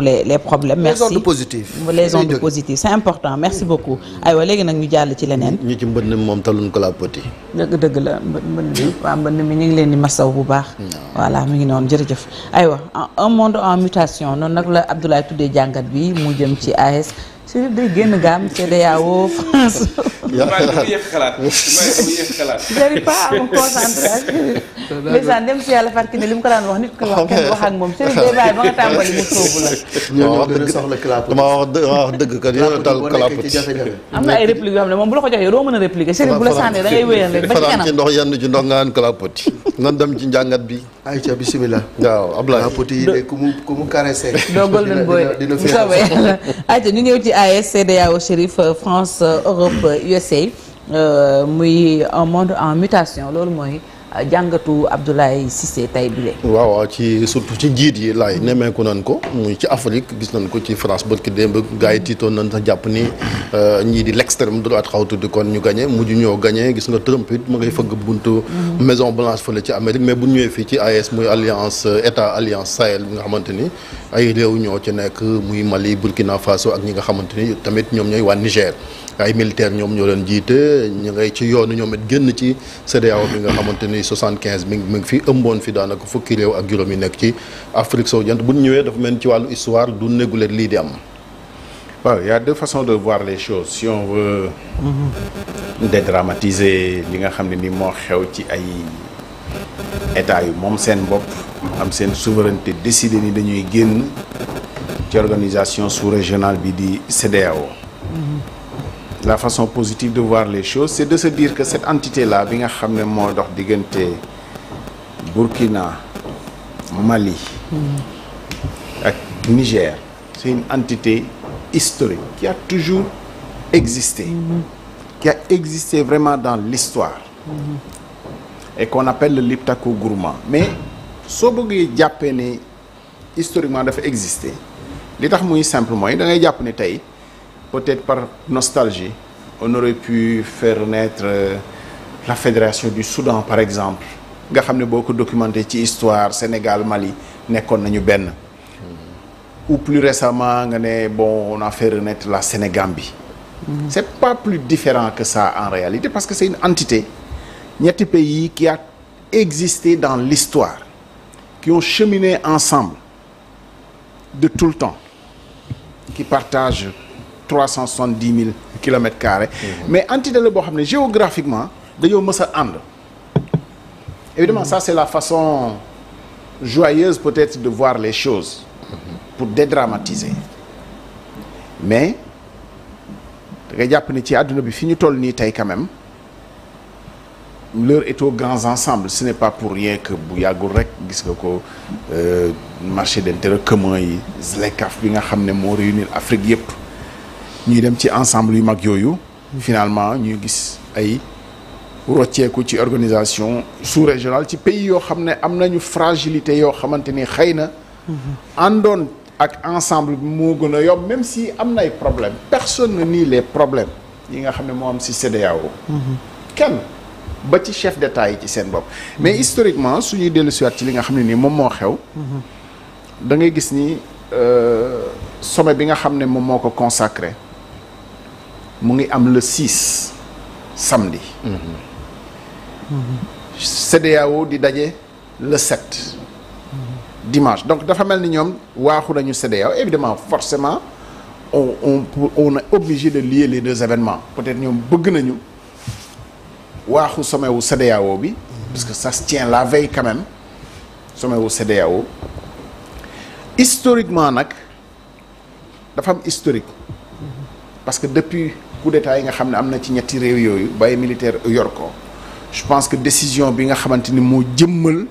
donc les les problèmes. merci les ondes positives. les ondes positives c'est important merci beaucoup. aywa léegi nag ñu jàll ci leneen. ñu ci mbënn moom taluñ ko la poti. dëgg dëgg la mbënn mi hmm. waaw mbënn mi ñu ngi leen di bu baax. Hmm. voilà mi ngi noonu jërëjëf. aywa un monde en mutation noonu nag la Abdoulaye tuddee jàngat bi mu jëm ci AS. Chérif day génn gaam CEDEAO France. yaa ngi yéex xalaat jërëjëf dem si yàlla fàttali ne li mu ko daan wax nit ko wax kenn wax ak moom Chérif day bàyyi ba nga tàmbali mu sóobu a wax dëgg dama wax dëgg kat am na ay répliques yoo xam ne moom bu la ko joxee doo mën a répliquer Chérif bu la sànnee da ngay wéyal rek ba ci ci ndox nga naan clapoti nan dem ci njàngat bi ayca bisimilah waaw Ablaye clapoti yi de ku mu ku mu caressé doo golden boy bu soobee yàlla ayca ñu ñëw ci CIS CEDEAO Chérif France Europe USA euh, muy un monde en mutation loolu mooy jàngatu Abdoulaye Cissé tey bile. waaw waaw ci surtout ci njiit yi lay nemmeeku nañ ko muy ci Afrique gis nañ ko ci France barki démb gars yi tiitoon nañ sax jàpp ni euh, ñii di l' extrême droite xaw tuddi kon ñu gagné mujj ñoo gagné gis nga Trump it mu ngay fëgg buntu. Maison Blanche fële ci Amérique mais bu ñëwee fii ci AES muy alliance euh, état alliance Sahel bi nga xamante ni ay réew ñoo ci nekk muy Mali Burkina Faso ak ñi nga xamante ni tamit ñoom ñooy waa Niger. ay militaires ñoom ñoo leen jiite ñu ngay ci yoonu ñoom it génn ci CEDEAO bi nga xamante ni quinze mi ngi mi ngi fi ëmboon fi daanaka fukki réew ak juróom yi nekk ci Afrique sowu jant bu ñu ñëwee dafa mel ci wàllu histoire du négulet lii di am. waaw y a deux façons de voir les mm-hmm. nga xam ne ni moo xew ci ay état yu moom seen bopp am seen souveraineté décider ni dañuy génn ci organisation sous-régionale bi di CEDEAO mm-hmm. la façon positive de voir les choses c'est de se dire que cette entité là bi nga xam ne moo dox diggante Burkina Mali ak mmh. Niger c'est une entité historique qui a toujours existé qui a existé vraiment dans l'histoire mmh. et qu'on appelle le Liptako Gourma mais soo bëggee jàppee ne historiquement dafa exister li tax muy simple yi da jàpp ne tey peut-être par nostalgie, on aurait pu faire naître euh, la fédération du Soudan par exemple nga xam ne boo ko documenté ci histoire Sénégal Mali nekkoon nañu benn hmm. ou plus récemment nga ne bon on a fait renaître la Sénégambie mm -hmm. c'est pas plus différent que ça en réalité parce que c'est une entité ñetti pays qui a existé dans l'histoire qui ont cheminé ensemble de tout le temps qui partagent trois cent soixante dix mille kilomètres carrés. Mhm. mais entité la boo xam ne géographiquement dañoo mës a ànd. évidemment mhm. ça c'est la façon joyeuse peut-être de voir les choses. pour dédramatiser. mais da nga jàpp ne ci àdduna bi fi ñu toll nii tey quand leur l'heure est aux grands ensembles ce n'est pas pour rien que bu yàggul rek gis nga ko euh, marché d'intérêt commun yi ZLECAf bi nga xam ne moo réunir Afrique yëpp ñuy dem ci ensemble yu mag yooyu finalement ñuy gis ay rocceeku ci organisation sous-régionale ci pays yoo xam ne am nañu fragilité yoo xamante ni xëy na àndoon ak ensemble bi moo gën a yomb même si am na ay problème personne na nii les problèmes yi nga xam ne moo am si CEDEAO kenn ba ci chef d'État yi ci seen bopp mais historiquement suñuy dellu siwaat ci li nga xam ne nii moom moo xew da ngay gis ni euh, some bi nga xam ne moom moo ko consacré mu ngi am le 6 samedi. CEDEAO di daje le 7. dimanche donc dafa mel ni ñoom waaxu nañu CEDEAO évidemment forcément on on on est obligé de lier les deux événements peut-être ñoom bëgg nañu waaxu sommet wu CEDEAO bi. parce que ça se la veille quand même sommet wu CEDEAO historiquement nag dafa am historique parce que depuis coup d'état yi nga xam ne am na ci ñetti réew yooyu bàyyi militaire yor ko je pense que décision bi nga xamante ni moo jëmmal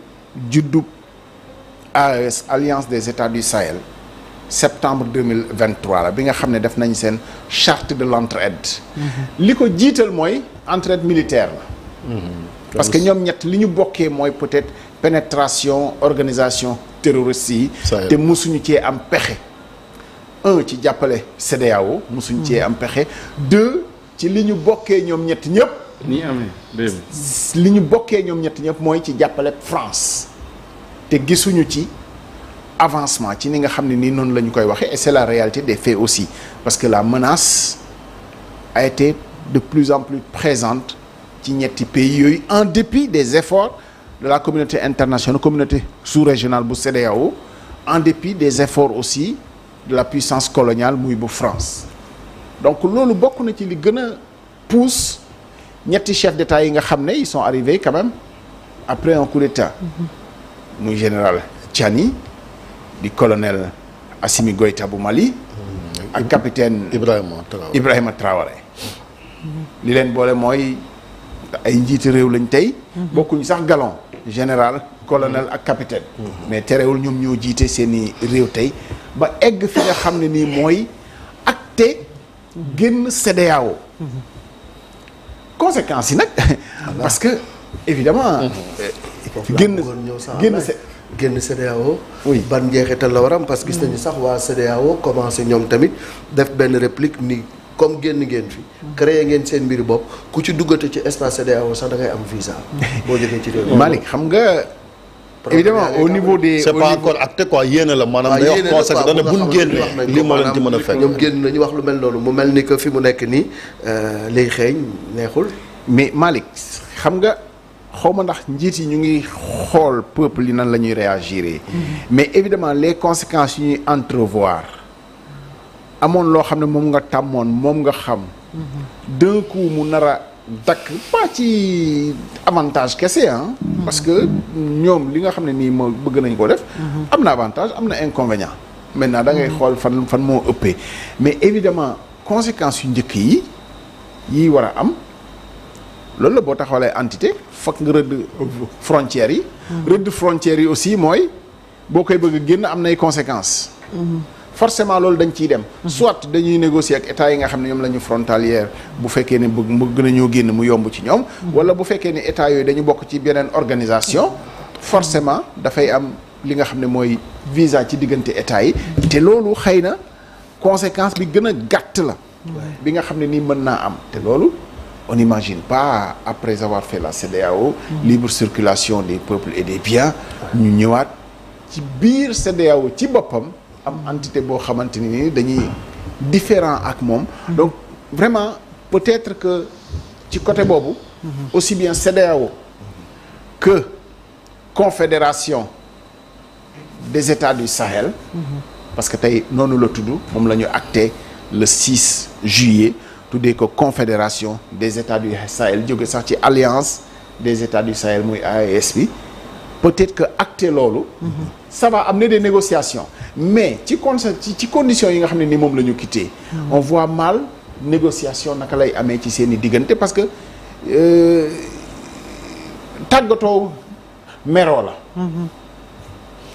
juddu AES alliance des états du Sahel septembre 2023 la bi nga xam ne def nañ seen charte de l'entraide mm-hmm. li ko jiital mooy entraide militaire la mm-hmm. parce que ñoom ñett li ñu bokkee mooy peut-être pénétration organisation terroriste yi te mosuñu cee am pexe un ci jàppale CEDEAO musuñ cee am pexe deux ci li ñu bokkee ñoom ñett ñëpp ni amee li ñu bokkee ñoom ñett ñëpp mooy ci jàppale France te gisuñu ci avancement ci ni nga xam ne nii noonu la ñu koy waxee et c'est la réalité des faits aussi parce que la menace a été de plus en plus présente ci ñetti pays yooyu en dépit des efforts de la communauté internationale communauté sous-régionale bu CEDEAO en dépit des efforts aussi de la puissance coloniale muy bu France donc loolu bokk na ci li gën a pousse ñetti chefs d'État yi nga xam ne ils sont arrivés quand même après un coup d'État mm-hmm. muy mm -hmm. général Tchiani di colonel Assimi Goïta bu Mali ak mm-hmm. capitaine Ibrahima Traoré li leen boole mooy ay njiiti réew lañ tey mm-hmm. bokkuñ sax galon général colonel ak capitaine. mais terewul ñoom ñoo jiite seeni réew tey ba egg fi nga xam ne nii mooy ak acté génn CEDEAO. conséquences yi nag. parce que évidemment. Euh, génn génn génn CEDEAO. oui ban njeexital la waram parce que gis nañu sax waa CEDEAO commencé ñoom tamit def benn réplique ni comme génn ngeen fi. créé ngeen seen mbir bopp ku ci duggate ci espace CEDEAO sax da am visa. boo jógee ci réew Malick xam nga. évidemment au niveau des c'est pas encore acté quoi yéen la maanaam ah, day wax conséquence dana buñ génnee lii moo leen ci mu mel ni que fi mu nekk nii euh, liy xeeñ neexul mais Malick xam nga xaw ma ndax njiit yi ñu ngi xool peuple yi nan la ñuy réagir mais évidemment les conséquences yu ñuy entrevoir amoon loo xam ne moom nga tàmmoon moom nga xam d'un mu nara dakk pas ci avantage kese ah. parce que ñoom li nga xam ne nii moo bëgg nañ ko def. Mm-hmm. am na avantage am na inconvénient. maintenant da ngay mm-hmm. xool fan fan moo ëppee mais évidemment conséquence yu njëkk yi yi war a am loolu la boo taxawalee entité fokk nga rëdd frontières yi. rëdd frontières yi aussi mooy boo koy bëgg génn am nay conséquences. forcement loolu dañ ciy dem soit dañuy négocier ak état yi nga xam ne ñoom la ñu frontalière bu fekkee ne bëgg a ñoo génn mu yomb ci ñoom wala bu fekkee ne état yooyu dañu bokk ci beneen organisation forcement dafay am li nga xam ne mooy visa ci diggante état yi te loolu xëy na conséquence bi gën a gàtt la bi nga xam ne nii mën naa am te loolu on n'imagine pas après avoir fait la CEDEAO mm. libre circulation des peuples et des biens ñu ñëwaat ci biir CEDEAO ci boppam am entité boo xamante ni dañuy différent ak moom donc vraiment peut-être que ci côté boobu aussi bien CEDEAO que confédération des états du Sahel parce que tey noonu la tudd moom la ñu acté le 6 juillet tuddee ko confédération des états du Sahel jóge sax ci alliance des états du Sahel muy AES bi peut-être que acté loolu ça va amener des négociation mais ci con ci conditions yi nga xam ne ni moom la ñu quitté. Ah. on voit mal négociation naka lay amee ci seen i diggante parce que euh, tàggatoo meroo la. Mm-hmm.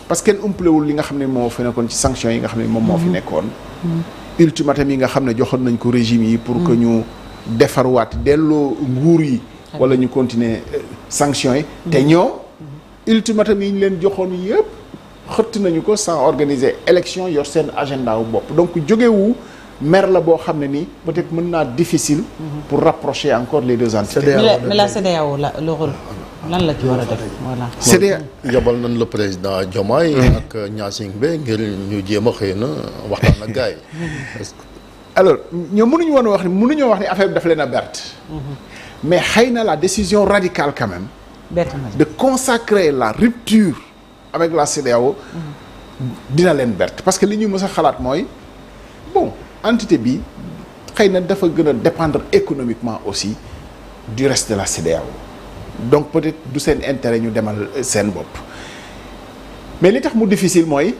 parce que kenn umpalewul li nga xam ne moo fi nekkoon ci sanctions yi nga xam ne moom moo fi mm-hmm. nekkoon. Mm-hmm. ultimatum yi nga xam ne joxoon nañ ko régime yi. pour que mm. ñu defarwaat delloo nguur yi. wala ñu continuer euh, sanctions yi. te ñoom ultimatum yi ñu leen joxoon yëpp. xëtt nañu ko sans organiser élection yor seen agenda wu bopp donc jógewu mer la boo xam ne nii peut-être mën naa difficile pour rapprocher encore les deux entités mais la CEDEAO la le rôle lan la ci war a def voilà. CEDEA yabal nañ le président Diomaye ak Gnassingbé ngir ñu jéem a xëy na waxtaan ak na yi. alors ñoom mënuñu wax ni mënuñoo wax ni affaire bi daf leen a berte. Mhm. mais xëy na la décision radicale quand même. de consacrer la rupture. avec la CEDEAO dina leen berte parce que li ñuy mës a xalaat mooy bon entité bi xëy na dafa gën a dépendre économiquement aussi du reste de la CEDEAO donc peut-être du seen intérêt ñu demal seen bopp mais li tax mu difficile mooy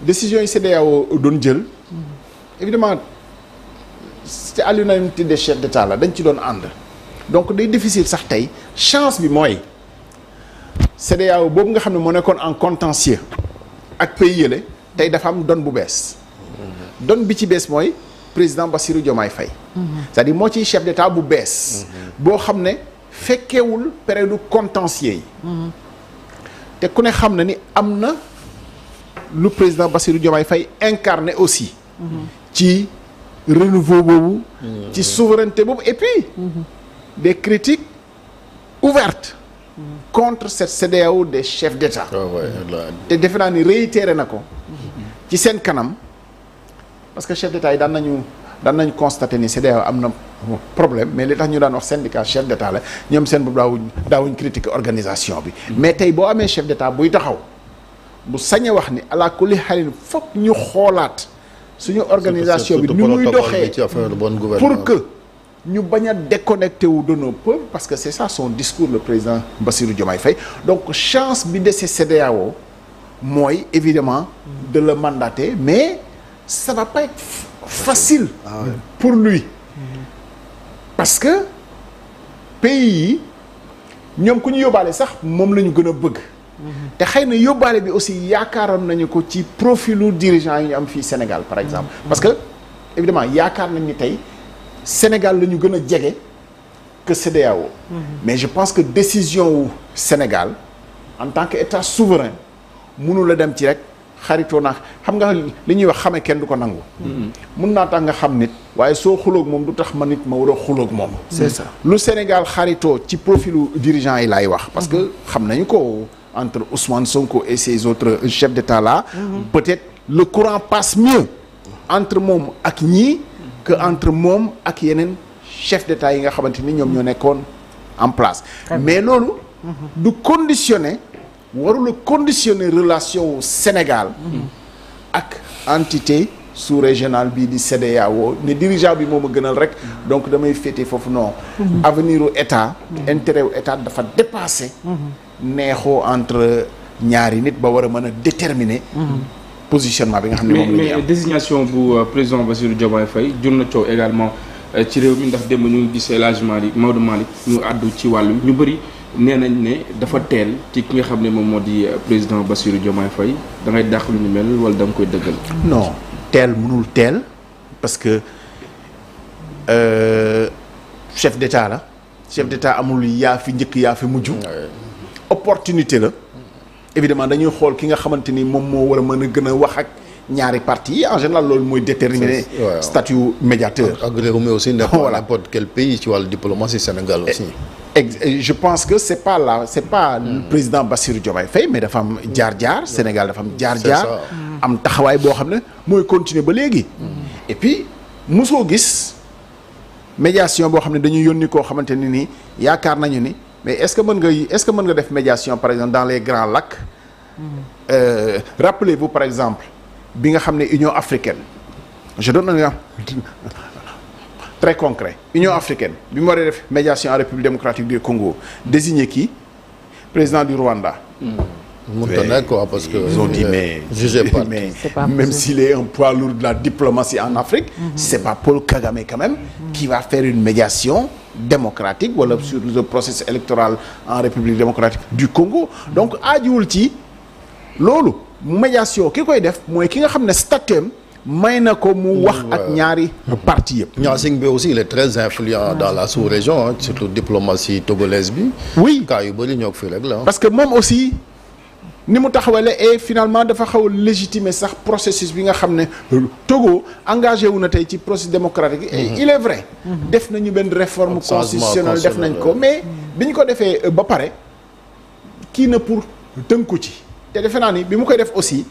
décision yi CEDEAO doon jël évidemment ci à l'unanimité des cher de la dañ ci doon ànd donc day difficile sax tey chance bi mooy CEDEAO boobu nga xam ne moo nekkoon en contentieux ak pays yële tey dafa am don bu bees don bi ci bees mooy président bassiru Diomaye Faye cest à moo ciy chef d'état bu bees boo xam ne fekkewul période contentieux yi te ku ne xam na ni am na lu président bassiru Diomaye Faye incarné aussi ci renouveau boobu ci souveraineté boobu et puis des critiques ouvertes contre cette CEDEAO des chefs d'État ah te defe naa ni réitéré na ko ci seen kanam parce que chef d'État yi daan nañu daan nañu constate ni CEDEAO am na problème mais li tax ñu daan wax syndicat chef d'État la ñoom seen boobu daawuñ daawuñ critique organisation bi mm-hmm. mais tey boo amee chef d'État buy taxaw bu sañ a wax ni ala kulli xalin foog ñu xoolaat suñu organisation bi ni muy doxee pour que ñu bañ a déconnecté wu de nos peuples parce que c'est ça son discours le président Bassirou Diomaye fay donc chance bi dese CEDEAO mooy évidemment de le mandater mais ça va pas être facile ah pour lui parce que pays yi ñoom ku ñu yóbbaale sax moom la ñu gën a bëgg te xëy na yóbbaale bi aussi yaakaaroon nañu ko ci profilu dirigeant yi ñu am fii Sénégal par exemple mm-hmm. parce que évidemment yaakaar nañ ni tey Sénégal la ñu gën a jege que CEDEAO mmh. mais je pense que décision wu Sénégal en tant que état souverain mënu la dem ci rek xaritoo naa xam nga li ñuy wax xame kenn du ko nangu. Mhm. mun naa tax nga xam nit. waaye soo xuloog moom du tax ma nit ma war xuloog moom. c'est ça lu Sénégal xaritoo ci profilu dirigeant yi laay wax. parce que mhm. xam nañu ko entre Ousmane Sonko et ses autres chefs d'État là. Mhm. peut-être le courant passe mieux. entre moom ak ñii. que entre moom ak yeneen chef d'état yi nga xamante ni ñoom ñoo nekkoon en place mais loolu du conditionner warula conditionne relation wu Sénégal ak entité sous-régional bii di CEDEAO ne dirigeant bi moom a gënal rek donc damay féete foofu non avenir u état intérêt u état dafa dépassé mhm. neexoo entre ñaari nit ba war a mën a déterminer mhm. positionnement bi nga xam ne moom la ñuy am mais désignation bu euh, président Bassirou Diomaye Faye jur na coow également euh, ci réew mi ndax démb ñu ngi gis El Hadj Malick Maodo Malick mu àddu ci wàllu ñu bëri nee nañ ne dafa teel ci ki nga xam ne moom moo di euh, président Bassirou Diomaye Faye da ngay dàq lu ni mel wala da koy dëggal. non teel mënul teel parce que euh, chef d'état la chef d'état amul yaa fi njëkk yaa fi mujj. opportunité la. évidemment dañuy xool ki nga xamante ni moom moo war a mën a gën a wax ak ñaari parti yi en général loolu mooy déterminer statut médiateur ak réew mi aussi n'importe quel pays ci wàllu diplomatie Sénégal aussi je pense que c'est pas là c'est pas le hmm. président Bassirou Diomaye fay mais dafa am jaar-jaar hmm. Sénégal dafa am jaar-jaar am taxawaay boo xam ne mooy continuer ba léegi hmm. et puis mosoo gis médiation boo xam ne dañuy yónni koo xamante ne ni yaakaar nañu ni mais est-ce que mën nga est-ce que mën nga def médiation par exemple dans les grands lacs. Euh, rappelez-vous par exemple bi nga xam ne Union africaine je donne un très concret Union africaine bi mu war a def médiation en République démocratique du Congo désigné qui président du Rwanda. Mmh. Euh, mais s'il est un poids lourd de la diplomatie en Afrique. Mmh. c'est pas Paul Kagame quand même. Mmh. qui va faire une médiation. démocratique wala sur le processus électoral en République démocratique du Congo donc aajuwul ci loolu médiation ki koy def mooy ki nga xam ne statuem may na ko mu wax mm, ak ñaari parti yëpp Gnassingbé bi aussi il est très influent dans la sous-région surtout diplomatie togolaise bi oui cas yu bëri ñoo ko fi rek parce que moom aussi ni mu taxawale et finalement dafa xaw a légitimer sax processus bi nga xam ne Togo engagé wu na tey ci processus démocratique et mhm. il est vrai mhm. def nañu benn réforme constitutionnelle def nañ ko mais bi ñu ko defee euh, ba pare kii na pour tënku ci te defe naa ni bi mu koy def aussi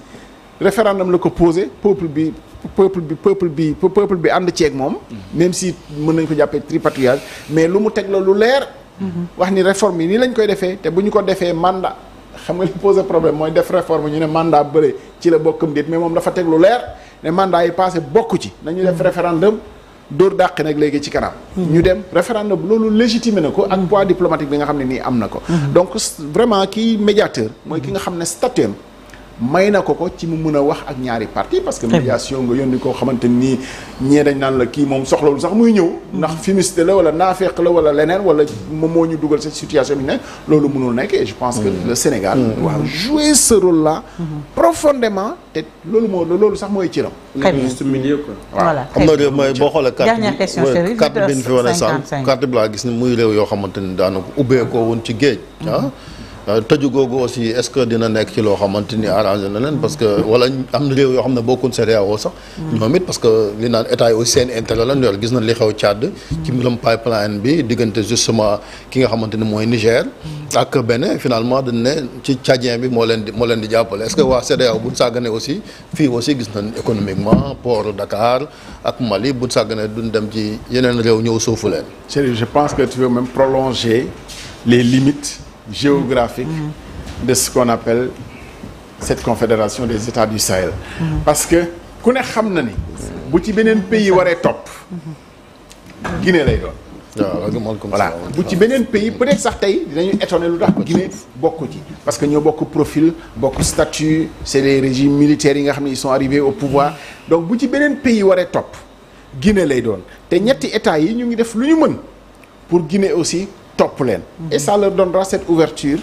référendum la ko posé peuple bi peuple bi peuple bi peuple bi ànd ceeg moom mhm. même si mën nañ ko jàppee tripatouillage mais lu mu teg la lu leer wax ni réforme yi nii lañ koy defee te bu ñu ko defee mandat xam nga li posé problème mooy def réforme ñu ne mandat bëre ci la bokkam déet mais moom dafa teg leer ne mandat yi passé bokku ci nañu def mm-hmm. référendum dóor dàqi nag léegi ci kanam. Mm-hmm. ñu dem référendum loolu légitimé na ko ak mm-hmm. poids diplomatique bi nga xam ne nii am na ko donc vraiment kii médiateur mooy ki nga xam ne statut may na ko ko ci mu mën a wax ak ñaari parti parce que médiation nga yónni koo xamante nii ñee dañ la kii moom soxlawul sax muy ñëw ndax fumiste la wala naafeq la wala leneen wala moom moo ñu dugal sa situation bi ne loolu mënul nekk et je pense que le Sénégal mm. doit jouer ce rôle là profondément te loolu moo loolu sax mooy ci juste milieu quoi voilà am na réew mooy boo xoolee carte carte bi ñu fi wane sànq bi laa muy réew yoo xamante ni daanaka ubbeekoo woon ci géej ah Euh, tëju googu aussi est-ce que dina nekk ci loo xamante ni arrangé na leen parce que wala am réew yoo xam ne bokkuñ CEDEAO sax. Mm. ñoom it parce que li naan état yi aussi seen intérêt la yor gis na li xew Tchad. ci mbiram pipeline bi diggante justement ki nga xamante ni mooy Niger. Mm. ak Bénin finalement dañ ne ci Tchadien bi moo leen di moo leen di jàppale est-ce que waa CEDEAO buñ sàgganee aussi fii aussi gis nañ économiquement port Dakar ak Mali buñ sàgganee duñ dem ci yeneen réew ñëw suufu leen. Chérif je pense que tu veux même prolonger les géographique des ce qu'on appelle cette confédération des États du Sahel parce que ku ne xam na ni bu ci beneen pays waree topp Guinée lay doon voilà bu ci beneen pays peut-être sax tey dinañu étonné lu dax Guinée bokk ci parce que ñoo bokk profil bokk statut c'est les régimes militaires yi nga xam ne ils sont arrivés au pouvoir donc bu ci beneen pays waree topp Guinée lay doon te ñetti état yi ñu ngi def lu ñu mën pour Guinée aussi topp leen et ça leur donnera cette ouverture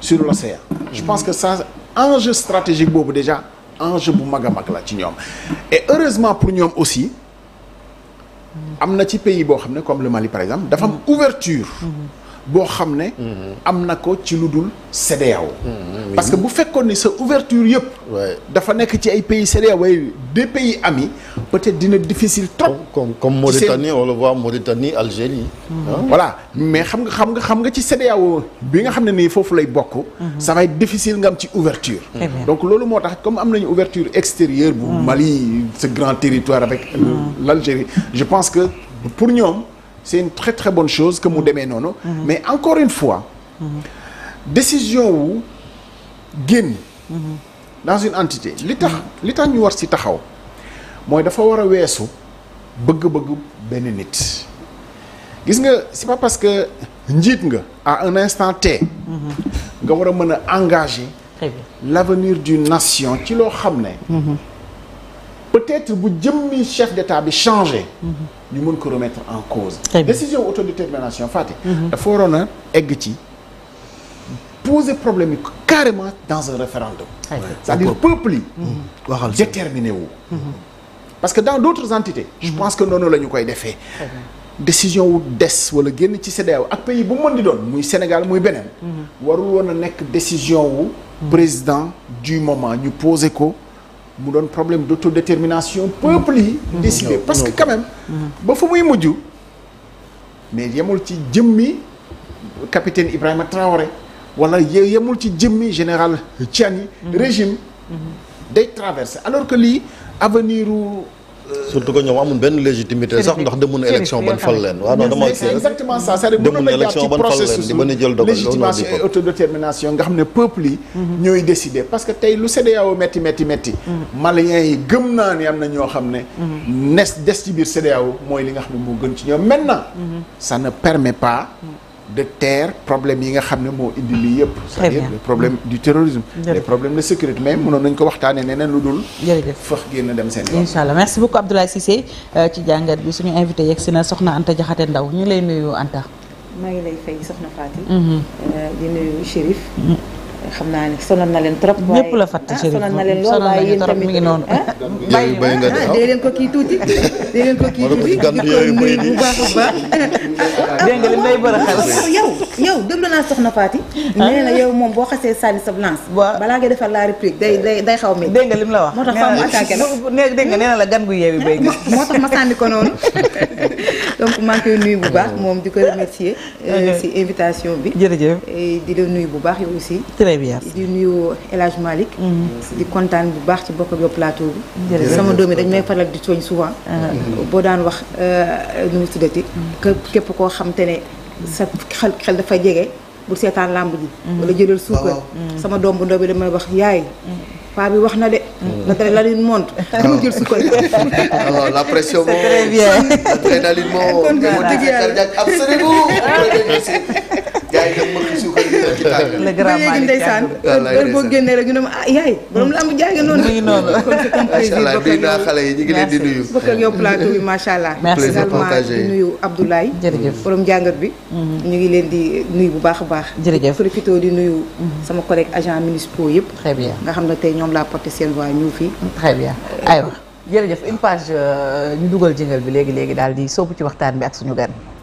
sur l'océan je pense que ça enjeu stratégique boobu déjà enjeu bu mag a mag la ci ñoom et heureusement pour ñoom aussi am na ci pays boo xam ne comme le Mali par exemple dafa am ouverture boo xam ne. am na ko ci lu dul CEDEAO. parce que bu fekkoon ni sa ouverture yëpp. dafa nekk ci ay pays CEDEAO waaye des pays amis peut-être dina difficile trop. comme comme Mauritanie on le voit Mauritanie Algérie. Hmm. voilà mais xam nga xam nga xam nga ci CEDEAO bi nga xam ne nii foofu lay bokk. sa hmm. va difficile nga am ci ouverture eh donc loolu moo tax comme am nañu ouverture extérieure bu hmm. Mali ce grand territoire avec. l'Algérie je pense que pour ñoom. seen une très très bonne chose que mu mm-hmm. demee noonu mm-hmm. mais encore une fois mm-hmm. décision wu génn dans une entité li tax li tax ñu war si taxaw mooy dafa war a weesu bëgg-bëgg benn nit gis nga c'est pas parce que njiit nga à un instant T nga war a mën a engager l'avenir d'une nation ci loo xam ne peut-être bu jëmmi chef d'état bi changé. Mhm. ñu mën ko remettre en cause. décision autodétermination Fatick. Mhm. dafa waroon a egg ci poser problème yi carrément dans un référendum. Ouais. c'est-à-dire peuple mhm. wu. parce que dans d'autres entités. je pense que noonu la ñu koy defee. décision wu des wala génn ci CEDEAO ak pays bu mën di doon muy Sénégal muy beneen. warul woon a nekk décision wu. président du moment ñu poser ko. mu doon problème d'autodétermination peuple yi mm-hmm. décidé mm-hmm. parce que quand même mm-hmm. ba fa muy mujj mais yemul ci jëmmi capitaine Ibrahima Traoré wala yemul ci jëmmi général Tchiani régime day traversé alors que lii avenir u surtout que ñoom amul benn légitimité sax ndax demoon élection ban fal leen waaw non dama c'est exactement ça c'est-à-dire mënoon na jaar ci processus légitimation et autodétermination nga xam ne peuple yi mhm. ñooy décider parce que tey lu CEDEAO métti métti métti mhm. yi gëm naa ni am na ñoo xam ne mhm. nes des ci biir CEDEAO mooy li nga xam ne moo gën ci ñoom maintenant ça ne permet pas de terre problème yi nga xam ne moo indi lii yëpp c'est-à-dire le problème du terrorisme les problèmes a sécurité mais mënoon nañ ko waxtaanee neneen lu dul jërëjëf fëx génn dem seen yoon incha allah merci beaucoup Abdoulaye Cissé euh, ci jàngat bi suñu invité yegg soxna Anta Jaxate Ndaw ñu lay nuyu Anta maa lay fay soxna Fatou mhm. euh, di nuyu Chérif mhm. xam naa ne sonal na leen trop. waaye ñëpp la fàtte ah, Chérif sonal na leen lool waaye yéen tamit mi ngi noonu. Ah, yooyu nga de ah dee leen ko kii tuuti dee leen ko baax a ah, na yow moom boo xasee sànni sa lance. waaw balaa ngay defar la réplique day day day xaw mi. dégg nga lim la wax moo tax faamu attaqué na la gan gu yeewi béy nga. moo tax ma ko noonu. donc maa ngi bu baax moom di ko remercier. ci euh, invitation bi. jërëjëf di la nuyu bu baax yow aussi très bien. di nuyu El Hadj mhm. di kontaan bu baax ci bokk ak yow plateau bi. sama doom yi dañ may faral di tooñ souvent. Mhm. boo daan wax euh, nu mu tuddati. que mhm. képp koo xam te ne sa xel xel dafa jege bu seetaan làmb ji. wala jëlal suukar. sama doom bu ndaw bi damay wax yaay. paa bi wax na de. l'adrénaline monte. dama jël suukar. yaay grand Malick ndeysaan heure boo génnee rek ñu ne ma ah yaay borom lamb jaay nga noonu ngi yi nuyu bokk ak macha allah merci également di nuyu Abdoulaye jërëjëf borom jàngat bi mhm. ñu ngi leen di nuyu bu baax a baax jërëjëf profité di nuyu mhm. sama collègue agent municipaux yëpp très nga xam ne tey ñoom laa porté seen voix ñu fii très bien aywa jërëjëf une page euh, ñu dugal jingle bi léegi léegi daal di soobu ci waxtaan bi ak suñu gan